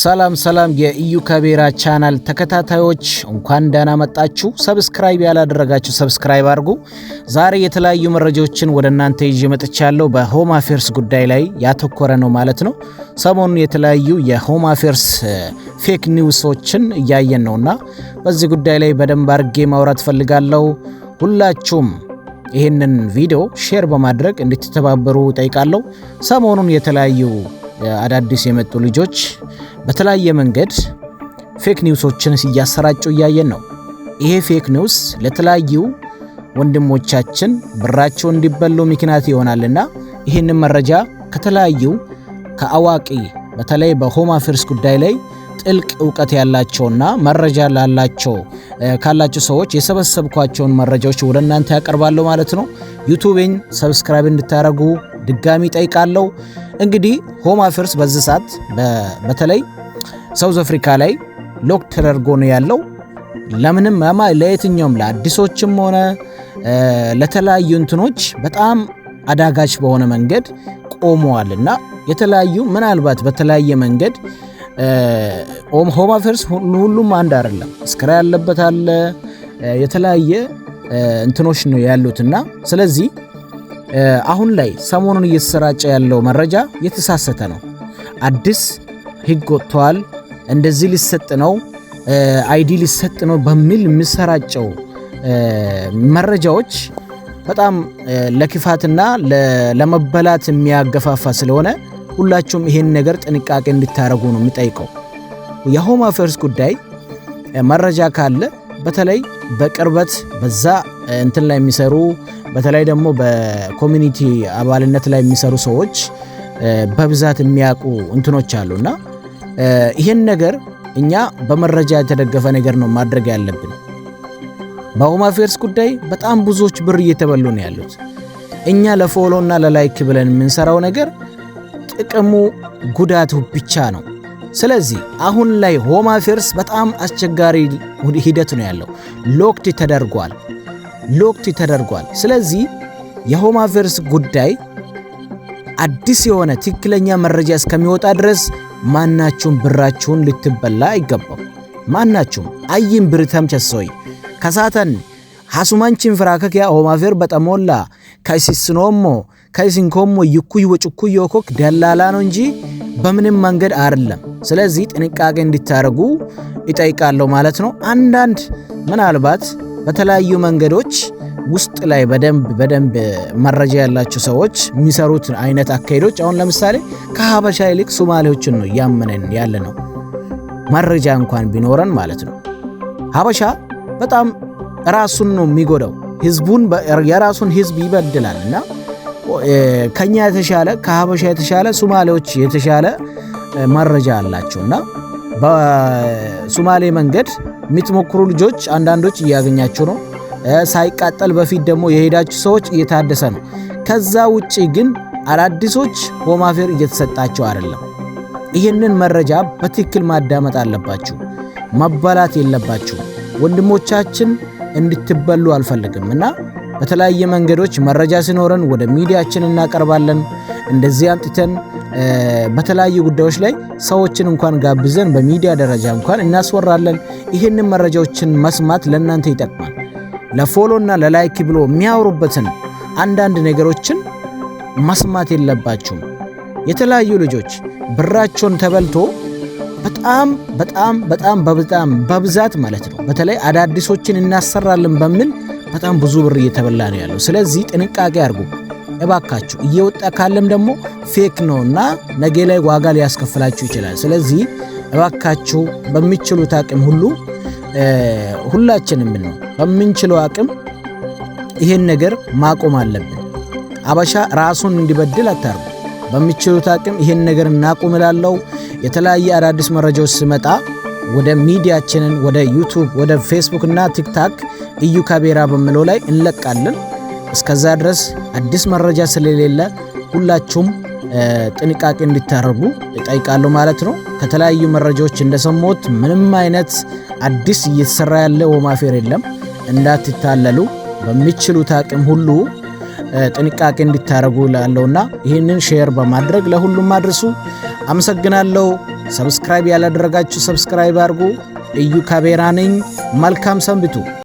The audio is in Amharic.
ሰላም ሰላም የኢዩ ከቤራ ቻናል ተከታታዮች እንኳን ደህና መጣችሁ። ሰብስክራይብ ያላደረጋችሁ ሰብስክራይብ አድርጉ። ዛሬ የተለያዩ መረጃዎችን ወደ እናንተ ይዤ መጥቻለሁ። በሆም አፌርስ ጉዳይ ላይ ያተኮረ ነው ማለት ነው። ሰሞኑን የተለያዩ የሆም አፌርስ ፌክ ኒውሶችን እያየን ነውና በዚህ ጉዳይ ላይ በደንብ አድርጌ ማውራት ፈልጋለሁ። ሁላችሁም ይህንን ቪዲዮ ሼር በማድረግ እንድትተባበሩ ጠይቃለሁ። ሰሞኑን የተለያዩ አዳዲስ የመጡ ልጆች በተለያየ መንገድ ፌክ ኒውሶችን እያሰራጩ እያየን ነው። ይሄ ፌክ ኒውስ ለተለያዩ ወንድሞቻችን ብራቸው እንዲበሉ ምክንያት ይሆናልና ይህንን መረጃ ከተለያዩ ከአዋቂ በተለይ በሆም አፌርስ ጉዳይ ላይ ጥልቅ እውቀት ያላቸውና መረጃ ላላቸው ካላቸው ሰዎች የሰበሰብኳቸውን መረጃዎች ወደ እናንተ ያቀርባለሁ ማለት ነው። ዩቱቤን ሰብስክራይብ እንድታደርጉ ድጋሚ ጠይቃለሁ። እንግዲህ ሆም አፌርስ በዚህ ሰዓት በተለይ ሳውዝ አፍሪካ ላይ ሎክ ተደርጎ ነው ያለው። ለምንም ለየትኛውም ለአዲሶችም ሆነ ለተለያዩ እንትኖች በጣም አዳጋች በሆነ መንገድ ቆመዋል እና የተለያዩ ምናልባት በተለያየ መንገድ ሆም አፌርስ ሁሉም አንድ አይደለም። እስክራ ያለበት አለ የተለያየ እንትኖች ነው ያሉት እና ስለዚህ አሁን ላይ ሰሞኑን እየተሰራጨ ያለው መረጃ የተሳሰተ ነው። አዲስ ህግ ወጥተዋል እንደዚህ ሊሰጥ ነው አይዲ ሊሰጥ ነው በሚል የሚሰራጨው መረጃዎች በጣም ለክፋትና ለመበላት የሚያገፋፋ ስለሆነ ሁላችሁም ይሄን ነገር ጥንቃቄ እንድታደርጉ ነው የሚጠይቀው። የሆም አፌርስ ጉዳይ መረጃ ካለ በተለይ በቅርበት በዛ እንትን ላይ የሚሰሩ በተለይ ደግሞ በኮሚኒቲ አባልነት ላይ የሚሰሩ ሰዎች በብዛት የሚያውቁ እንትኖች አሉና ይህን ነገር እኛ በመረጃ የተደገፈ ነገር ነው ማድረግ ያለብን። በሆም አፌርስ ጉዳይ በጣም ብዙዎች ብር እየተበሉ ነው ያሉት። እኛ ለፎሎ እና ለላይክ ብለን የምንሰራው ነገር ጥቅሙ ጉዳቱ ብቻ ነው። ስለዚህ አሁን ላይ ሆም አፌርስ በጣም አስቸጋሪ ሂደት ነው ያለው። ሎክት ተደርጓል፣ ሎክት ተደርጓል። ስለዚህ የሆም አፌርስ ጉዳይ አዲስ የሆነ ትክክለኛ መረጃ እስከሚወጣ ድረስ ማናችሁም ብራችሁን ልትበላ አይገባም። ማናችሁም አይም ብርተም ቸሶይ ከሳተን ሐሱማንቺን ፍራከክ ያ ሆማፌር በጠሞላ ከሲስኖሞ ከሲንኮሞ ይኩይ ወጭኩዮ ኮክ ደላላ ነው እንጂ በምንም መንገድ አይደለም። ስለዚህ ጥንቃቄ እንድታደርጉ ይጠይቃለሁ ማለት ነው። አንዳንድ ምናልባት በተለያዩ መንገዶች ውስጥ ላይ በደንብ በደንብ መረጃ ያላቸው ሰዎች የሚሰሩት አይነት አካሄዶች አሁን ለምሳሌ ከሀበሻ ይልቅ ሶማሌዎችን ነው እያመነን ያለ ነው። መረጃ እንኳን ቢኖረን ማለት ነው። ሀበሻ በጣም ራሱን ነው የሚጎዳው፣ ህዝቡን የራሱን ህዝብ ይበድላል። እና ከኛ የተሻለ ከሀበሻ የተሻለ ሶማሌዎች የተሻለ መረጃ አላቸው እና በሶማሌ መንገድ የሚትሞክሩ ልጆች አንዳንዶች እያገኛቸው ነው። ሳይቃጠል በፊት ደግሞ የሄዳችሁ ሰዎች እየታደሰ ነው። ከዛ ውጪ ግን አዳዲሶች ሆም አፌር እየተሰጣቸው አይደለም። ይህንን መረጃ በትክክል ማዳመጥ አለባችሁ። መበላት የለባችሁ። ወንድሞቻችን እንድትበሉ አልፈልግም እና በተለያየ መንገዶች መረጃ ሲኖረን ወደ ሚዲያችን እናቀርባለን። እንደዚህ አምጥተን በተለያዩ ጉዳዮች ላይ ሰዎችን እንኳን ጋብዘን በሚዲያ ደረጃ እንኳን እናስወራለን። ይህንን መረጃዎችን መስማት ለእናንተ ይጠቅማል። ለፎሎና ለላይክ ብሎ የሚያወሩበትን አንዳንድ ነገሮችን መስማት የለባችሁም። የተለያዩ ልጆች ብራቸውን ተበልቶ በጣም በጣም በጣም በጣም በብዛት ማለት ነው። በተለይ አዳዲሶችን እናሰራለን በሚል በጣም ብዙ ብር እየተበላ ነው ያለው። ስለዚህ ጥንቃቄ አድርጉ እባካችሁ። እየወጣ ካለም ደግሞ ፌክ ነው እና ነገ ላይ ዋጋ ሊያስከፍላችሁ ይችላል። ስለዚህ እባካችሁ በሚችሉት አቅም ሁሉ ሁላችንም ነው በምንችለው አቅም ይሄን ነገር ማቆም አለብን። አበሻ ራሱን እንዲበድል አታርጉ። በሚችሉት አቅም ይሄን ነገር እናቁም ላለው የተለያየ አዳዲስ መረጃዎች ስመጣ ወደ ሚዲያችንን ወደ ዩቱብ፣ ወደ ፌስቡክ እና ቲክታክ እዩ ካቤራ በምለው ላይ እንለቃለን። እስከዛ ድረስ አዲስ መረጃ ስለሌለ ሁላችሁም ጥንቃቄ እንዲታደርጉ እጠይቃለሁ ማለት ነው። ከተለያዩ መረጃዎች እንደሰማሁት ምንም አይነት አዲስ እየተሰራ ያለ ወማፌር የለም። እንዳትታለሉ በሚችሉት አቅም ሁሉ ጥንቃቄ እንድታደረጉ ላለውና ይህንን ሼር በማድረግ ለሁሉም አድርሱ። አመሰግናለሁ። ሰብስክራይብ ያላደረጋችሁ ሰብስክራይብ አድርጉ። እዩ ካቤራ ነኝ። መልካም ሰንብቱ።